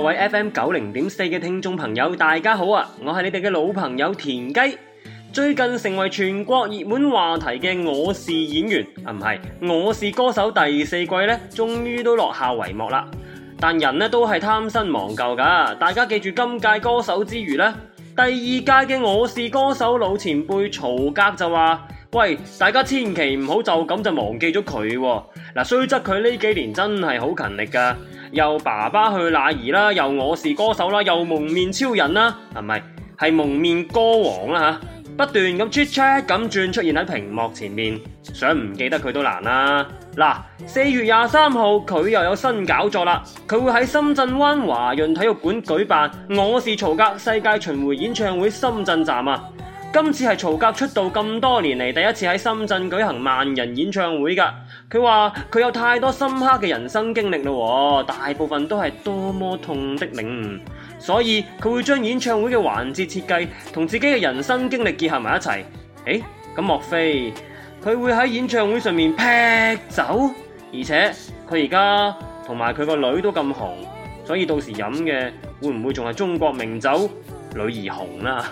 各位 FM 九零點四嘅聽眾朋友，大家好啊！我係你哋嘅老朋友田雞，最近成為全國熱門話題嘅《我是演員》啊，唔係《我是歌手》第四季呢，終於都落下帷幕啦。但人呢都係貪新忘舊噶，大家記住今屆歌手之餘呢，第二屆嘅《我是歌手》老前輩曹格就話：喂，大家千祈唔好就咁就忘記咗佢。嗱，雖則佢呢幾年真係好勤力噶。又爸爸去哪兒啦，又我是歌手啦，又蒙面超人啦，係咪？係蒙面歌王啦，不斷咁出 check 咁轉，出現喺屏幕前面，想唔記得佢都難啦。嗱，四月廿三號佢又有新搞作啦，佢會喺深圳灣華潤體育館舉辦《我是曹格世界巡迴演唱會深圳站》啊！今次係曹格出道咁多年嚟第一次喺深圳舉行萬人演唱會噶。佢話：佢有太多深刻嘅人生經歷咯，大部分都係多麼痛的領悟，所以佢會將演唱會嘅環節設計同自己嘅人生經歷結合埋一齊。誒、欸，咁莫非佢會喺演唱會上面劈酒？而且佢而家同埋佢個女都咁紅，所以到時飲嘅會唔會仲係中國名酒？女兒紅呀，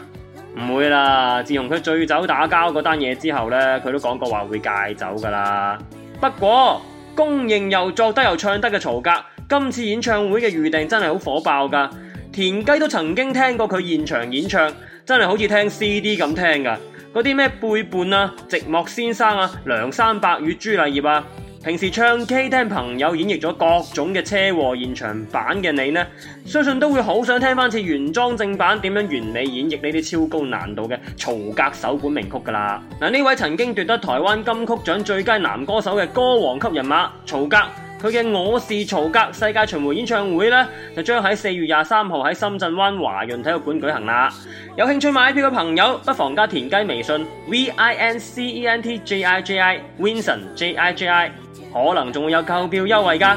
唔會啦。自從佢醉酒打交嗰單嘢之後呢，佢都講過話會戒酒噶啦。不過公認又作得又唱得嘅曹格，今次演唱會嘅預訂真係好火爆噶。田雞都曾經聽過佢現場演唱，真係好似聽 CD 咁聽噶。嗰啲咩背叛啊、寂寞先生啊、梁山伯與朱麗葉啊。平時唱 K，聽朋友演繹咗各種嘅車禍現場版嘅你呢，相信都會好想聽返次原裝正版點樣完美演繹呢啲超高難度嘅曹格首管名曲㗎啦！嗱，呢位曾經奪得台灣金曲獎最佳男歌手嘅歌王級人馬曹格。佢嘅《我是曹格》世界巡迴演唱會呢，就將喺四月廿三號喺深圳灣華潤體育館舉行啦。有興趣買票嘅朋友，不妨加田雞微信 v i n c e n t j i j i winson j i j i，可能仲會有購票優惠㗎。